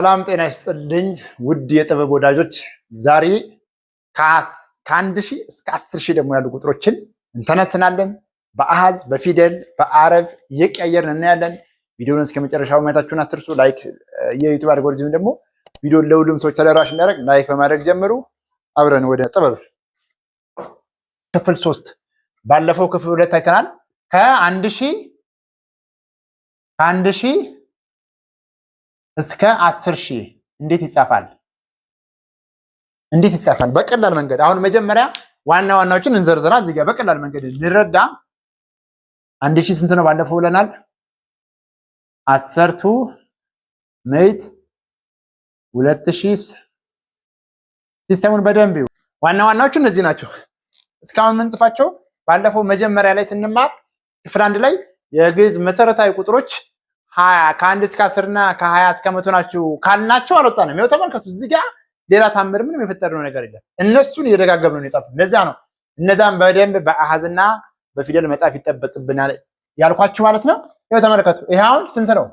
ሰላም ጤና ይስጥልኝ ውድ የጥበብ ወዳጆች፣ ዛሬ ከአንድ ሺህ እስከ አስር ሺህ ደግሞ ያሉ ቁጥሮችን እንተነትናለን። በአሃዝ በፊደል በአረብ እየቀያየርን እናያለን። ቪዲዮን እስከ መጨረሻው ማየታችሁን አትርሱ። ላይክ የዩቱብ አልጎሪዝም ደግሞ ቪዲዮን ለሁሉም ሰዎች ተደራሽ እንዳደረግ ላይክ በማድረግ ጀምሩ። አብረን ወደ ጥበብ ክፍል ሶስት ባለፈው ክፍል ሁለት አይተናል። ከአንድ ሺህ ከአንድ ሺህ እስከ አስር ሺህ እንዴት ይጻፋል? እንዴት ይጻፋል? በቀላል መንገድ አሁን መጀመሪያ ዋና ዋናዎችን እንዘርዝራ። እዚህ ጋር በቀላል መንገድ እንረዳ። አንድ ሺህ ስንት ነው? ባለፈው ብለናል። አሰርቱ ምዕት ሁለት ሺህ ሲስተሙን በደንብ ዋና ዋናዎቹ እነዚህ ናቸው። እስካሁን የምንጽፋቸው ባለፈው መጀመሪያ ላይ ስንማር ክፍል አንድ ላይ የግዕዝ መሰረታዊ ቁጥሮች ሀያ ከአንድ እስከ አስርና ከሀያ እስከ መቶ ናችሁ ካልናቸው አልወጣንም። ይኸው ተመልከቱ። እዚህ ጋ ሌላ ታምር ምንም የፈጠርነው ነገር የለም። እነሱን እየደጋገብ ነው የጻፍነው። እነዚያ ነው እነዛም በደንብ በአሃዝና በፊደል መጻፍ ይጠበቅብናል ያልኳችሁ ማለት ነው። ይኸው ተመልከቱ። ይሄ አሁን ስንት ነው?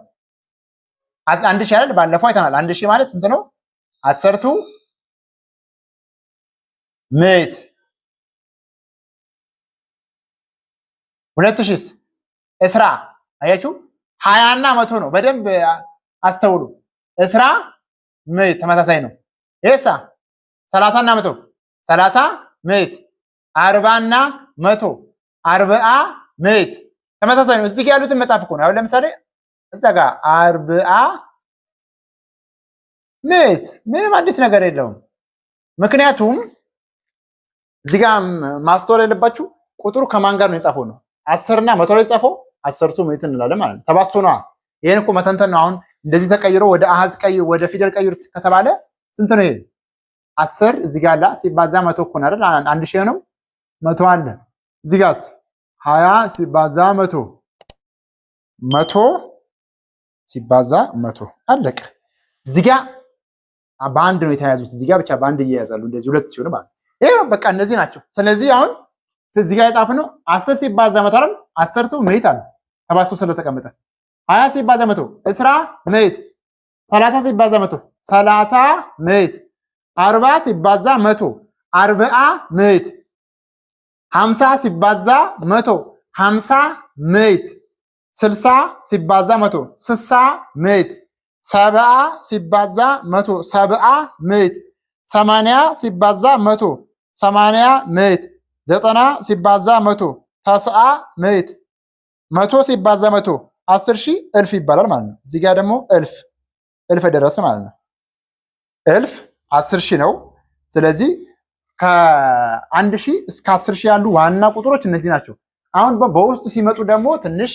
አንድ ሺ አይደል? ባለፈው አይተናል። አንድ ሺ ማለት ስንት ነው? አሰርቱ ምት ሁለት ሺስ እስራ አያችሁ ሀያና መቶ ነው። በደንብ አስተውሉ። እስራ ምዕት ተመሳሳይ ነው። ኤሳ ሰላሳና መቶ ሰላሳ ምዕት፣ አርባና መቶ አርብአ ምዕት ተመሳሳይ ነው። እዚህ ያሉትን መጽሐፍ እኮ ነው። አሁን ለምሳሌ እዛ ጋ አርብአ ምዕት ምንም አዲስ ነገር የለውም። ምክንያቱም እዚህ ጋር ማስተዋል ያለባችሁ ቁጥሩ ከማን ጋር ነው የጻፈው ነው። አስርና መቶ ላይ የጻፈው አሰርቱ ምዕት እንላለን ማለት ነው። ተባስቶ ነዋ። ይሄን እኮ መተንተን ነው። አሁን እንደዚህ ተቀይሮ ወደ አሃዝ ቀይር፣ ወደ ፊደል ቀይር ከተባለ ስንት ነው ይሄ? አስር እዚህ ጋር አለ ሲባዛ መቶ እኮ ነው አይደል? አንድ ሺህ ነው መቶ አለ እዚህ ጋርስ ሀያ ሲባዛ መቶ መቶ ሲባዛ መቶ አለቀ። እዚህ ጋር በአንድ ነው የተያያዙት። እዚህ ጋር ብቻ በአንድ እየያዛሉ እንደዚህ ሁለት ሲሆን ማለት ይሄ በቃ እነዚህ ናቸው። ስለዚህ አሁን እዚህ ጋር የጻፍነው አስር ሲባዛ መቶ አይደል? አስርቱ ምዕት አለ ተባዝቶ ስለተቀመጠ። ሀያ ሲባዝ መቶ እስራ ምዕት፣ ሰላሳ ሲባዝ መቶ ሰላሳ ምዕት፣ አርባ ሲባዛ መቶ አርብዓ ምዕት፣ ሀምሳ ሲባዛ መቶ ሀምሳ ምዕት፣ ስልሳ ሲባዛ መቶ ስልሳ ምዕት፣ ሰብዓ ሲባዛ መቶ ሰብዓ ምዕት፣ ሰማንያ ሲባዛ መቶ ሰማንያ ምዕት ዘጠና ሲባዛ መቶ ተስዓ ምዕት መቶ ሲባዛ መቶ አስር ሺህ እልፍ ይባላል ማለት ነው። እዚህ ጋር ደግሞ እልፍ እልፍ ደረሰ ማለት ነው። እልፍ አስር ሺህ ነው። ስለዚህ ከአንድ ሺህ እስከ አስር ሺህ ያሉ ዋና ቁጥሮች እነዚህ ናቸው። አሁን በውስጥ ሲመጡ ደግሞ ትንሽ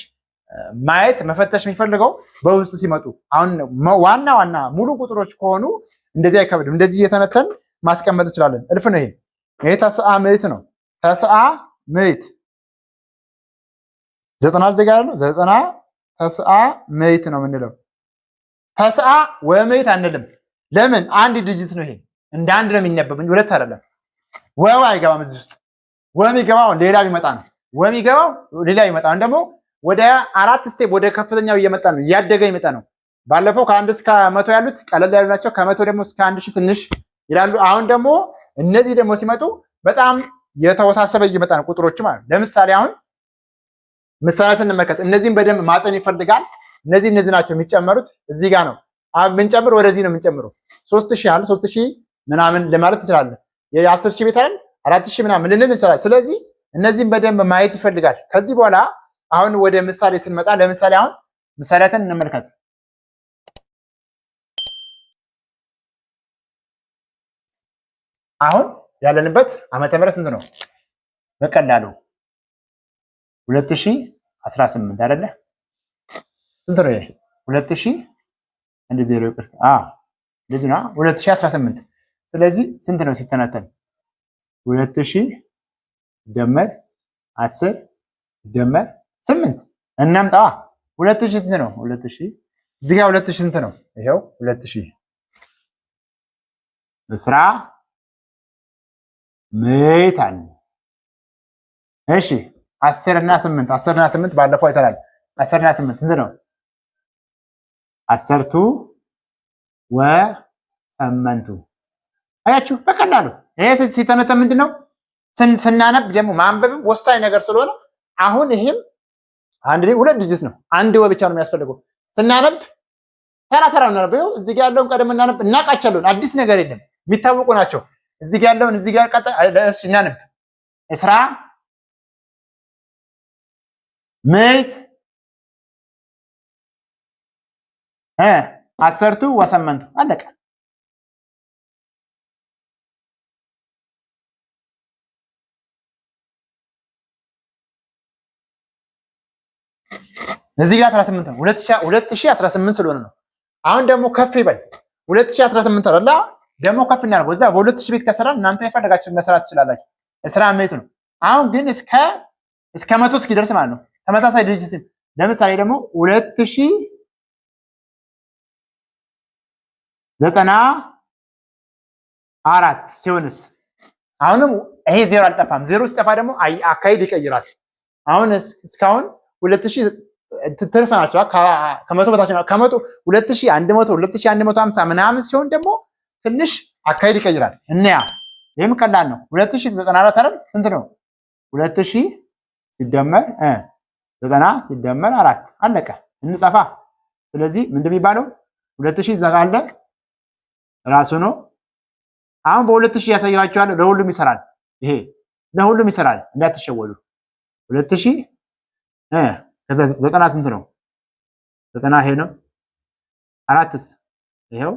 ማየት መፈተሽ የሚፈልገው በውስጥ ሲመጡ አሁን ዋና ዋና ሙሉ ቁጥሮች ከሆኑ እንደዚህ አይከብድም። እንደዚህ እየተነተን ማስቀመጥ እንችላለን። እልፍ ነው ይሄ ይሄ ተስዓ ምዕት ነው። ተስአ ምይት ዘጠና እዚህ ያለው ዘጠና ተስአ ምይት ነው የምንለው። ተስአ ወምይት አንልም። ለምን? አንድ ድጅት ነው ይሄ። እንደ አንድ ነው የሚነበብ እንጂ ሁለት አይደለም። ወው አይገባም እዚህ ውስጥ። ወሚገባው ሌላ ቢመጣ ነው ወሚገባው ሌላ ቢመጣ ነው ደግሞ ወደ አራት ስቴፕ ወደ ከፍተኛው እየመጣ ነው እያደገ ይመጣ ነው። ባለፈው ከአንድ እስከ መቶ ያሉት ቀለል ያሉ ናቸው። ከመቶ ደግሞ እስከ አንድ ሺህ ትንሽ ይላሉ። አሁን ደግሞ እነዚህ ደግሞ ሲመጡ በጣም የተወሳሰበ ይመጣል ቁጥሮች ማለት ለምሳሌ አሁን ምሳሌያት እንመልከት። እነዚህን በደንብ ማጠን ይፈልጋል። እነዚህ እነዚህ ናቸው የሚጨመሩት እዚህ ጋር ነው ምንጨምር ወደዚህ ነው የምንጨምረው። ሶስት ሺህ አለ ሶስት ሺህ ምናምን ለማለት እንችላለን። የአስር ሺህ ቤት አይደል አራት ሺህ ምናምን ልንል እንችላለን። ስለዚህ እነዚህን በደንብ ማየት ይፈልጋል። ከዚህ በኋላ አሁን ወደ ምሳሌ ስንመጣ ለምሳሌ አሁን ምሳሌያትን እንመልከት። አሁን ያለንበት ዓመተ ምህረት ስንት ነው? በቀላሉ 2018 አይደለ? ስንት ነው ይሄ? ዜሮ 2018። ስለዚህ ስንት ነው ሲተናተን? 2000 ደመር 10 ደመር 8 እናምጣዋ። 2000 ስንት ነው? 2000 እዚህ ጋር 2000 ስንት ነው? ይሄው 2000 ስራ ምታን እሺ፣ አስርና ስምንት አስርና ስምንት ባለፈው አይተናል። አስርና ስምንት እንት ነው አሰርቱ ወሰመንቱ አያችሁ፣ በቀላሉ ይሄ ሲተነተ ምንድን ነው ስናነብ ደግሞ ማንበብም ወሳኝ ነገር ስለሆነ አሁን ይህም አንድ ሁለት ድጅት ነው፣ አንድ ወ ብቻ ነው የሚያስፈልገው። ስናነብ ተራ ተራ ነው። እዚህ ጋር ያለውን ቀደም እናነብ እናቃቸለን። አዲስ ነገር የለም፣ የሚታወቁ ናቸው። እዚህ ጋር ያለውን እዚህ ጋር ቀጥ ለእሱ እናንብ እስራ ምዕት እ አሰርቱ ወሰመንቱ አለቀ። እዚህ ጋር 18 ነው 2018 ስለሆነ ነው። አሁን ደግሞ ከፍ ይበል 2018 አይደል? ደግሞ ከፍ እናደርገው። እዛ በሁለት ሺህ ቤት ከሰራን እናንተ የፈለጋችሁን መስራት ትችላላችሁ። ስራ መት ነው። አሁን ግን እስከ እስከ መቶ እስኪደርስ ማለት ነው። ተመሳሳይ ድርጅት ለምሳሌ ደግሞ ሁለት ሺህ ዘጠና አራት ሲሆንስ አሁንም ይሄ ዜሮ አልጠፋም። ዜሮ ሲጠፋ ደግሞ አካሄድ ይቀይራል። አሁን እስካሁን ሁለት ሺህ ትርፍ ናቸው። ከመቶ በታች ከመቶ ሁለት ሺህ አንድ መቶ ሁለት ሺህ አንድ መቶ ሀምሳ ምናምን ሲሆን ደግሞ ትንሽ አካሄድ ይቀይራል። እናያ ይህም ቀላል ነው። 2094 አለም ስንት ነው? 2000 ሲደመር 90 ሲደመር አራት አለቀ። እንጸፋ። ስለዚህ ምንድ የሚባለው 2000 እዛ ራሱ ነው። አሁን በ2000 ያሳያችኋለሁ። ለሁሉም ይሰራል። ይሄ ለሁሉም ይሰራል፣ እንዳትሸወዱ። 2000 ከዛ 90 ስንት ነው? 90 ይሄ ነው። አራትስ ይሄው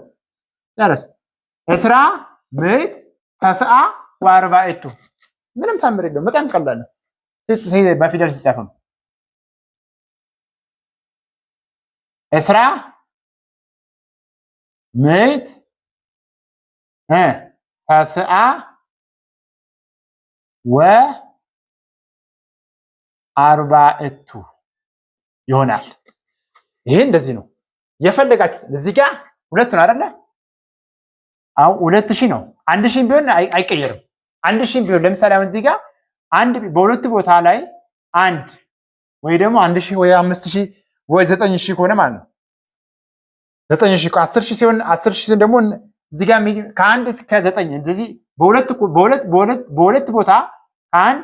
ጨረስ እስራ ምዕት ተስአ ወአርባዕቱ ምንም ታምር የለውም። በጣም ቀላል ነው። በፊደል ሲጻፍ ነው። እስራ ምዕት ተስዓ ወአርባዕቱ ይሆናል። ይሄ እንደዚህ ነው የፈለጋችሁት። እዚህ ጋር ሁለት ነው አይደለ? አሁን ሁለት ሺህ ነው። አንድ ሺህ ቢሆን አይቀየርም። አንድ ሺህ ቢሆን ለምሳሌ አሁን እዚህ ጋር አንድ በሁለት ቦታ ላይ አንድ ወይ ደግሞ አንድ ሺህ ወይ አምስት ሺህ ወይ ዘጠኝ ሺህ ከሆነ ማለት ነው ዘጠኝ ሺህ አስር ሺህ ሲሆን አስር ሺህ ደግሞ እዚህ ጋር ከአንድ እስከ ዘጠኝ እንደዚህ በሁለት በሁለት በሁለት በሁለት ቦታ ከአንድ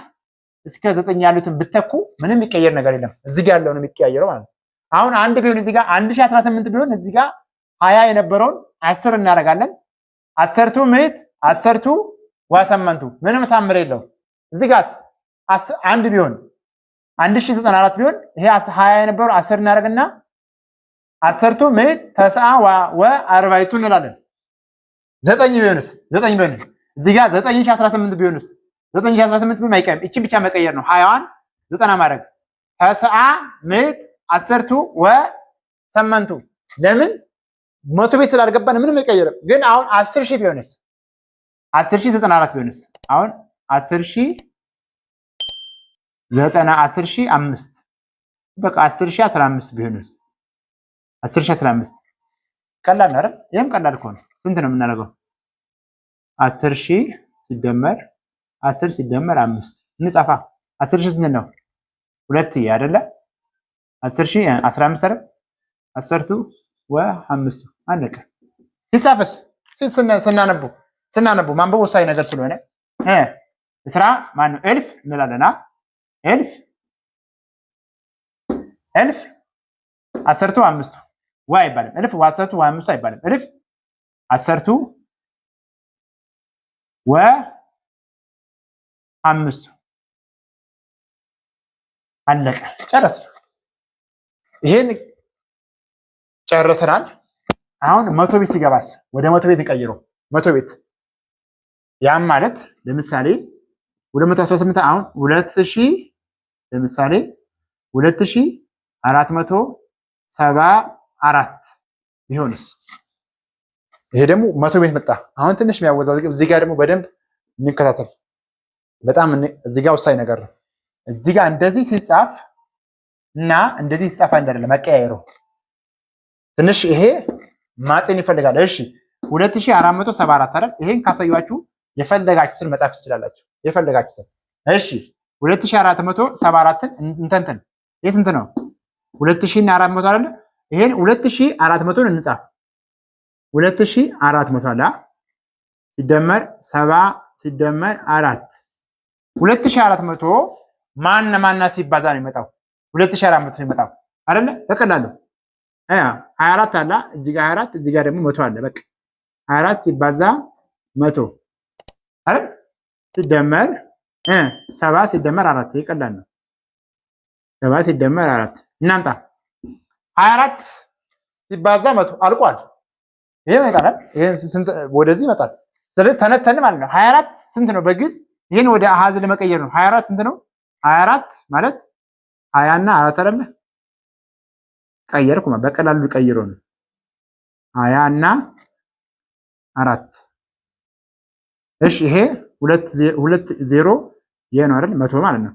እስከ ዘጠኝ ያሉትን ብተኩ ምንም የሚቀየር ነገር የለም። እዚህ ጋር ያለው ነው የሚቀያየረው ማለት ነው። አሁን አንድ ቢሆን እዚህ ጋር አንድ ሺህ አስራ ስምንት ቢሆን እዚህ ጋር ሀያ የነበረውን አስር እናደርጋለን አሰርቱ ምዕት አሰርቱ ዋሰመንቱ ምንም ታምር የለው። እዚህ ጋር አንድ ቢሆን አንድ ሺህ ዘጠና አራት ቢሆን ይሄ ሀያ የነበረው አስር እናደርግና አሰርቱ ምዕት ተስዓ ወአርባዕቱ እንላለን። ዘጠኝ ቢሆንስ ዘጠኝ ቢሆን እዚህ ጋር ዘጠኝ ሺህ አስራ ስምንት ቢሆንስ ዘጠኝ ሺህ አስራ ስምንት ቢሆን አይቀየም። እቺ ብቻ መቀየር ነው። ሀያዋን ዘጠና ማድረግ ተስዓ ምዕት አሰርቱ ወሰመንቱ ለምን መቶ ቤት ስላልገባን ምንም አይቀየርም። ግን አሁን አስር ሺህ ቢሆንስ አስር ሺህ ዘጠና አራት ቢሆንስ አሁን አስር ሺህ ዘጠና አስር ሺህ አምስት በቃ አስር ሺህ አስራ አምስት ቢሆንስ አስር ሺህ አስራ አምስት ቀላል ነው አይደል? ይህም ቀላል ከሆነ ስንት ነው የምናደርገው? አስር ሺህ ሲደመር አስር ሲደመር አምስት እንጻፋ አስር ሺህ ስንት ነው? ሁለት አይደለ? አስር ሺህ አስራ አምስት አይደል? አስርቱ ወአምስቱ አለቀ። ሲጻፍስ ስናነቡ ስናነቡ ማንበብ ወሳኝ ነገር ስለሆነ ስራ ማን ነው እልፍ እንላለና እልፍ እልፍ አሰርቱ አምስቱ ወ አይባልም። እልፍ አሰርቱ ወአምስቱ አይባልም። እልፍ አሰርቱ ወ አምስቱ አለቀ። ጨረስ ይሄን ጨርሰናል። አሁን መቶ ቤት ሲገባስ ወደ መቶ ቤት እንቀይረው። መቶ ቤት ያም ማለት ለምሳሌ 218 አሁን 2000 ለምሳሌ 2474 ቢሆንስ ይሄ ደግሞ መቶ ቤት መጣ። አሁን ትንሽ የሚያወዛው እዚህ ጋር ደግሞ በደንብ እንከታተል። በጣም እዚህ ጋር ወሳኝ ነገር ነው። እዚህ ጋር እንደዚህ ሲጻፍ እና እንደዚህ ሲጻፍ አንድ አይደለም መቀያየረው ትንሽ ይሄ ማጤን ይፈልጋል። እሺ 2474 አይደል? ይሄን ካሳያችሁ የፈለጋችሁትን መጻፍ ትችላላችሁ። የፈለጋችሁትን እሺ 2474ን እንተንተን። ይሄ ስንት ነው? 2400 አይደል? ይሄን 2400ን እንጻፍ። 2400 አለ ሲደመር 70 ሲደመር 4 2400 ማን ማና ሲባዛ ነው የሚመጣው? 2400 ነው የሚመጣው አይደል? በቀላሉ ሀያ አራት አላ እዚህ ጋር ሀያ አራት እዚህ ጋር ደግሞ መቶ አለ። በቃ ሀያ አራት ሲባዛ መቶ አይደል ሲደመር ሰባ ሲደመር አራት ይቀላል ነው። ሰባ ሲደመር አራት እናምጣ። ሀያ አራት ሲባዛ መቶ አልቋል። ይሄ ይመጣል፣ ወደዚህ ይመጣል። ስለዚህ ተነተን ማለት ነው። ሀያ አራት ስንት ነው በግዕዝ? ይህን ወደ አሃዝ ለመቀየር ነው። ሀያ አራት ስንት ነው? ሀያ አራት ማለት ሀያና አራት አይደለ ቀየርኩ። በቀላሉ ልቀይሮ ነው። ሀያ እና አራት እሺ፣ ይሄ ሁለት ዜሮ ይሄ ነው አይደል? መቶ ማለት ነው።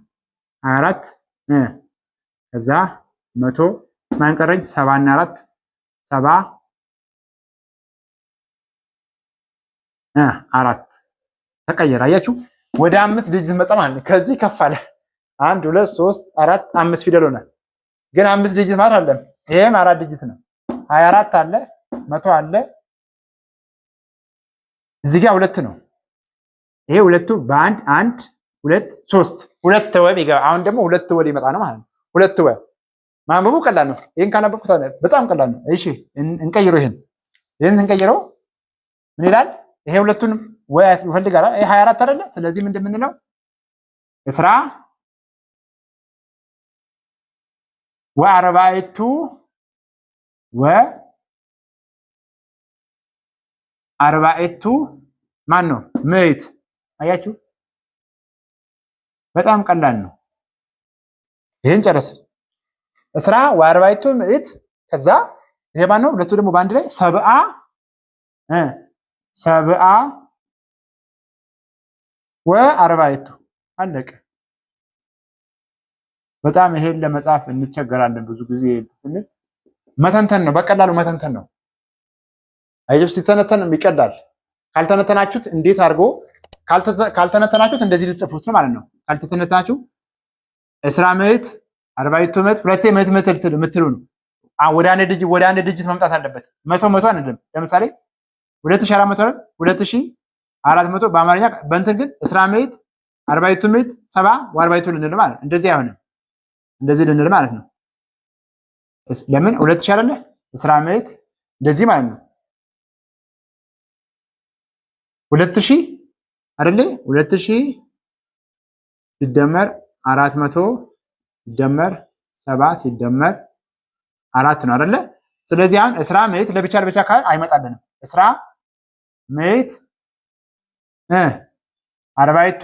ሀያ አራት ከዛ መቶ ማንቀረኝ ሰባ እና አራት ሰባ አራት ተቀየረ። አያችሁ ወደ አምስት ዲጂት መጣ ማለት ነው። ከዚህ ከፍ አለ። አንድ ሁለት ሶስት አራት አምስት ፊደል ሆነ። ግን አምስት ዲጂት ማለት አለም ይሄም አራት ዲጂት ነው። አራት አለ፣ መቶ አለ። እዚህ ጋር ሁለት ነው። ይሄ ሁለቱ በአንድ አንድ ሁለት ሶስት ሁለት ወብ ይገባ። አሁን ደግሞ ሁለት ወብ ሊመጣ ነው ማለት ነው። ሁለት ወብ ማንበቡ ቀላል ነው። ይሄን ካነበብኩት በጣም ቀላል ነው። እሺ እንቀይረው። ይሄን ይሄን ስንቀይረው ምን ይላል? ይሄ ሁለቱን ወ ይፈልጋል። ይሄ 24 አይደለ? ስለዚህ ምንድን እስራ ወአርባይቱ ወአርባይቱ ማን ነው? ምዕት። አያችሁ፣ በጣም ቀላል ነው። ይህን ጨረስ እስራ ወአርባይቱ ምዕት። ከዛ ይሄ ማን ነው? ሁለቱ ደግሞ በአንድ ላይ ሰብአ ሰብአ ወአርባይቱ አለቀ። በጣም ይሄን ለመጻፍ እንቸገራለን። ብዙ ጊዜ ስንል መተንተን ነው፣ በቀላሉ መተንተን ነው። አይጀብ ሲተነተን ይቀላል። ካልተነተናችሁት እንዴት አድርጎ ካልተነተናችሁት እንደዚህ ልትጽፉት ማለት ነው። ካልተነተናችሁ እስራ ምዕት፣ አርባይቱ ምዕት፣ ሁለቴ ምዕት ምዕት የምትሉ ነው። ወደ አንድ ድጅ ወደ አንድ ድጅት መምጣት አለበት። መቶ መቶ አንልም። ለምሳሌ ሁለት ሺ አራት መቶ ሁለት ሺ አራት መቶ በአማርኛ በእንትን ግን እስራ ምዕት፣ አርባይቱ ምዕት፣ ሰባ ወአርባይቱ ልንል ማለት እንደዚህ አይሆንም። እንደዚህ ልንል ማለት ነው። ለምን ሁለት ሺህ አይደለ? እስራ መሄድ እንደዚህ ማለት ነው። ሁለት ሺህ አይደለ? ሁለት ሺህ ሲደመር አራት መቶ ሲደመር ሰባ ሲደመር አራት ነው አይደለ? ስለዚህ አሁን እስራ መሄድ ለብቻ ለብቻ ካል አይመጣልንም። እስራ መሄድ አርባይቱ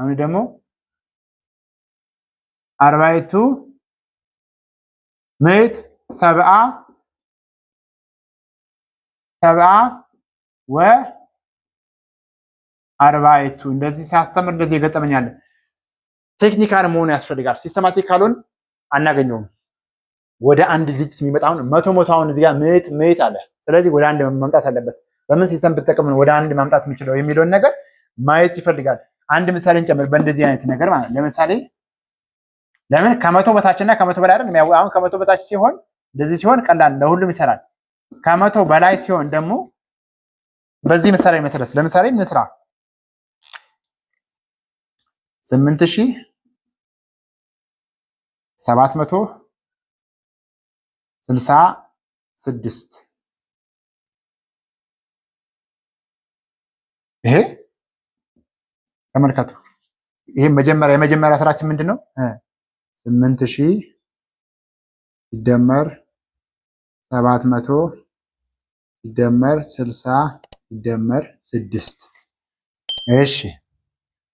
አሁን ደግሞ አርባይቱ ምዕት ሰብአ ሰብአ ወ አርባይቱ እንደዚህ ሲያስተምር እንደዚህ ይገጠመኛል። ቴክኒካል መሆን ያስፈልጋል። ሲስተማቲክ ካልሆን አናገኘውም። ወደ አንድ ድርጅት የሚመጣውን መቶ መቶ አሁን እዚህ ጋር ምዕት ምዕት አለ። ስለዚህ ወደ አንድ መምጣት አለበት። በምን ሲስተም ብጠቀም ወደ አንድ ማምጣት የምችለው የሚለውን ነገር ማየት ይፈልጋል። አንድ ምሳሌ እንጨምር። በእንደዚህ አይነት ነገር ማለት ለምሳሌ ለምን ከመቶ በታች እና ከመቶ በላይ አይደል? አሁን ከመቶ በታች ሲሆን እንደዚህ ሲሆን ቀላል ለሁሉም ይሰራል። ከመቶ በላይ ሲሆን ደግሞ በዚህ ምሳሌ መሰረት ለምሳሌ እንስራ። ስምንት ሺህ ሰባት መቶ ስልሳ ስድስት ይሄ ተመልከቱ። ይሄ መጀመሪያ የመጀመሪያ ስራችን ምንድን ነው? ስምንት ሺህ ሲደመር ሰባት መቶ ሲደመር ስልሳ ሲደመር ስድስት እሺ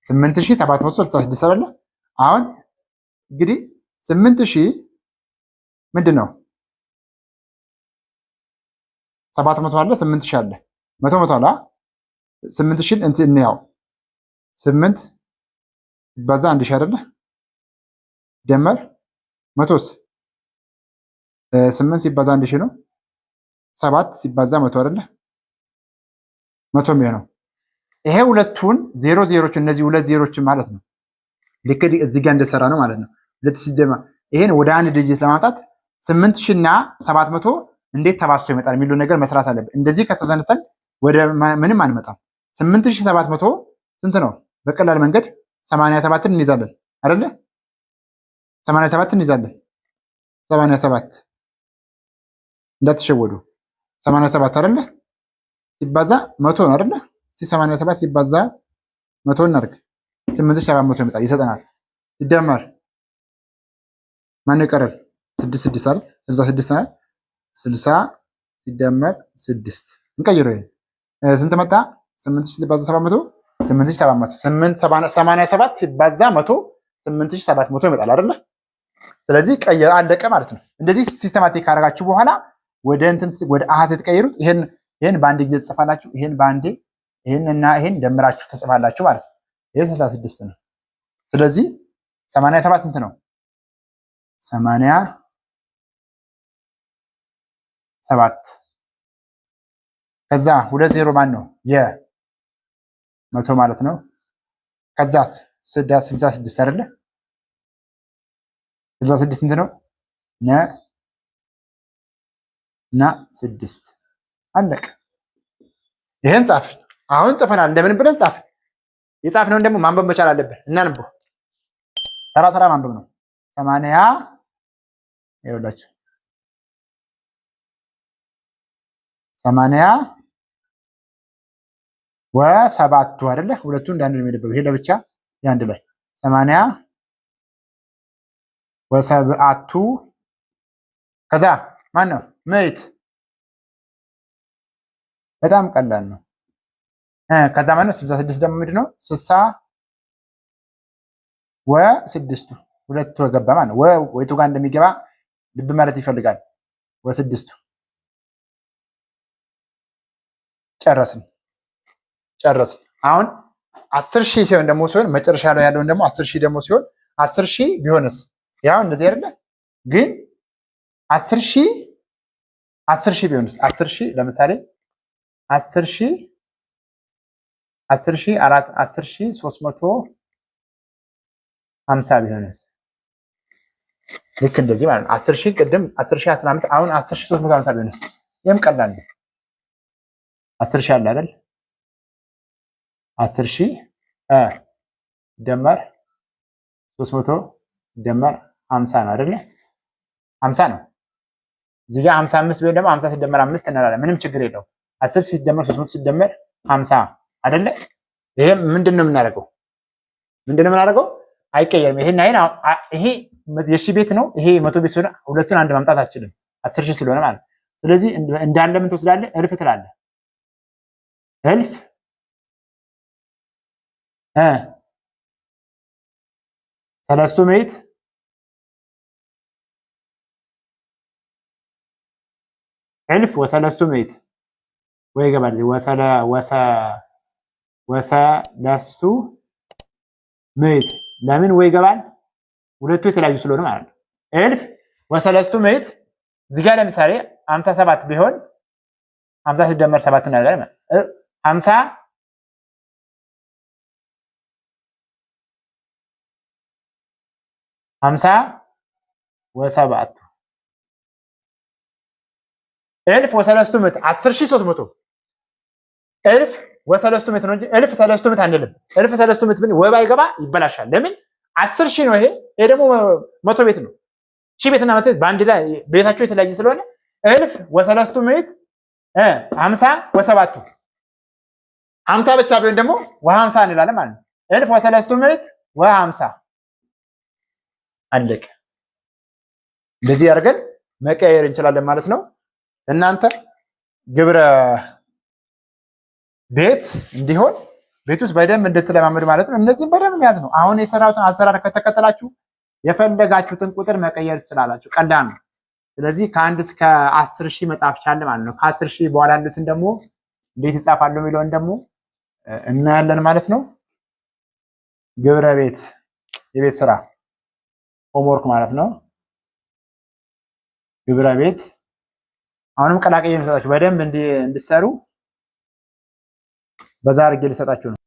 ስምንት ሺህ ሰባት መቶ ስልሳ ስድስት አይደለ? አሁን እንግዲህ ስምንት ሺህ ምንድን ነው? ሰባት መቶ አለ፣ ስምንት ሺህ አለ፣ መቶ መቶ አለ። ስምንት ሺህ እንትን እንያው ስምንት በዛ አንድ ሺህ አይደለ? ደመር መቶስ ስምንት ሲባዛ አንድ ሺ ነው። ሰባት ሲባዛ መቶ አይደለ መቶ የሚሆነው ይሄ ሁለቱን ዜሮ ዜሮች እነዚህ ሁለት ዜሮች ማለት ነው። ልክ እዚህ ጋር እንደሰራ ነው ማለት ነው። ሁለት ሲደማ ይሄን ወደ አንድ ድጅት ለማምጣት ስምንት ሺህ እና ሰባት መቶ እንዴት ተባሶ ይመጣል የሚለው ነገር መስራት አለብን። እንደዚህ ከተተነተን ወደ ምንም አንመጣም። ስምንት ሺ ሰባት መቶ ስንት ነው? በቀላል መንገድ ሰማንያ ሰባትን እንይዛለን አይደለ ሰማንያ ሰባት እንይዛለን። ሰማንያ ሰባት እንዳትሸወዱ። ሰማንያ ሰባት አይደለ ሲባዛ መቶ ነው አይደለ? እስቲ ሰማንያ ሰባት ሲባዛ መቶ እናድርግ። ስምንት ሺህ ሰባት መቶ ይመጣል ይሰጠናል። ሲደመር ማን ይቀራል? ስድስት ስድስት አይደል? ስልሳ ስድስት አይደል? ስልሳ ሲደመር ስድስት ስንት መጣ? ስምንት ሺህ ሲባዛ ሰባት መቶ ስምንት ሺህ ሰባት መቶ ስምንት ሰማንያ ሰባት ሲባዛ መቶ ስምንት ሺህ ሰባት መቶ ይመጣል አይደለ? ስለዚህ ቀየረ፣ አለቀ ማለት ነው። እንደዚህ ሲስተማቲክ ካደረጋችሁ በኋላ ወደ እንትን ወደ አሃዝ የተቀየሩት ይሄን ይሄን በአንድ ጊዜ ትጽፋላችሁ፣ ይሄን በአንዴ ይሄን እና ይሄን ደምራችሁ ትጽፋላችሁ ማለት ነው። ይሄ 66 ነው። ስለዚህ 87 ስንት ነው? 87 ከዛ ሁለት ዜሮ ማን ነው? የመቶ ማለት ነው። ከዛስ ስድሳ ስድስት አይደለ ስልሳ ስድስት ስንት ነው? ነ ና ስድስት አለቀ። ይህን ጻፍን። አሁን ጽፈናል። እንደምን ብለን ጻፍን። የጻፍነውን ደግሞ ማንበብ መቻል አለብን። እናንብበው። ተራ ተራ ማንበብ ነው። ሰማንያ ይኸውላችሁ፣ ሰማንያ ወሰባቱ አይደለ? ሁለቱ እንዳንድ ነው የሚነበበው። ይሄ ለብቻ የአንድ ላይ ሰማንያ ወሰብአቱ ከዛ ማን ነው ምዕት። በጣም ቀላል ነው። ከዛ ማን ነው ስልሳ ስድስት ደግሞ ምንድን ነው? ስልሳ ወስድስቱ ሁለቱ ገባ ማለት ነው። ወይቱ ጋር እንደሚገባ ልብ ማለት ይፈልጋል። ወስድስቱ ጨረስን ጨረስን። አሁን አስር ሺህ ሲሆን ደግሞ ሲሆን መጨረሻ ላይ ያለውን ደግሞ አስር ሺህ ደግሞ ሲሆን አስር ሺህ ቢሆንስ ያው እንደዚህ አይደለ ግን አስር ሺህ አስር ሺህ ቢሆንስ አስር ለምሳሌ አስር ሺህ አስር ሺህ አራት አስር ሺህ ሶስት መቶ ሀምሳ ቢሆንስ ልክ እንደዚህ ማለት ነው። አስር ሺህ ቅድም አስር ሺህ አስራ አምስት አሁን አስር ሶስት መቶ ሀምሳ ቢሆንስ ይህም ቀላል ነው። አስር አለ አይደል አስር ደመር ሶስት መቶ ደመር ሀምሳ ነው አይደለ? ሀምሳ ነው። እዚህ ጋር ሀምሳ አምስት ደግሞ ሀምሳ ሲደመር አምስት እንላለን። ምንም ችግር የለው። አስር ሲደመር ሶስት መቶ ሲደመር ሀምሳ አይደለ? ይሄ ምንድን ነው የምናደርገው? ምንድን ነው የምናደርገው? አይቀየርም። ይሄን አይን ይሄ የሺ ቤት ነው። ይሄ መቶ ቤት ስለሆነ ሁለቱን አንድ ማምጣት አችልም፣ አስር ሺህ ስለሆነ ማለት። ስለዚህ እንዳለ ምን ትወስዳለህ? እልፍ ትላለ። እልፍ ሰለስቱ ምዕት ዕልፍ ወሰለስቱ ምእት ወይ ይገባል። ወሰለስቱ ምእት ለምን ወይ ገባል? ሁለቱ የተለያዩ ስለሆነ ማለት ነው። ዕልፍ ወሰለስቱ ምእት እዚህ ለምሳሌ ሀምሳ ሰባት ቢሆን ሀምሳ ሲደመር ሰባት እናደርጋለን። ሀምሳ ሀምሳ እልፍ ወሰለስቱ ምዕት አስር ሺህ ሦስት መቶ እልፍ ወሰለስቱ ምዕት ነው እንጂ እልፍ ሰለስቱ ምዕት አንልም። እልፍ ሰለስቱ ምዕት ብን ወባ ይገባ ይበላሻል። ለምን አስር ሺህ ነው ይሄ። ይሄ ደግሞ መቶ ቤት ነው። ሺህ ቤትና መቶ ቤት በአንድ ላይ ቤታቸው የተለያየ ስለሆነ እልፍ ወሰለስቱ ምዕት ሀምሳ ወሰባቱ ሀምሳ ብቻ ቢሆን ደግሞ ወሀምሳ እንላለን ማለት ነው። እልፍ ወሰለስቱ ምዕት ወሀምሳ አለቀ። እንደዚህ አድርገን መቀየር እንችላለን ማለት ነው። እናንተ ግብረ ቤት እንዲሆን ቤት ውስጥ በደንብ እንድትለማመድ ማለት ነው። እነዚህም በደንብ መያዝ ነው። አሁን የሰራሁትን አሰራር ከተከተላችሁ የፈለጋችሁትን ቁጥር መቀየር ትችላላችሁ። ቀላል ነው። ስለዚህ ከአንድ እስከ አስር ሺህ መጽሐፍ ቻለ ማለት ነው። ከአስር ሺህ በኋላ ያሉትን ደግሞ እንዴት ይጻፋሉ የሚለውን ደግሞ እናያለን ማለት ነው። ግብረ ቤት የቤት ስራ ሆምወርክ ማለት ነው። ግብረ ቤት አሁንም ቀላቀየ የሚሰጣችሁ በደንብ እንዲሰሩ በዛ አድርጌ ልሰጣችሁ ነው።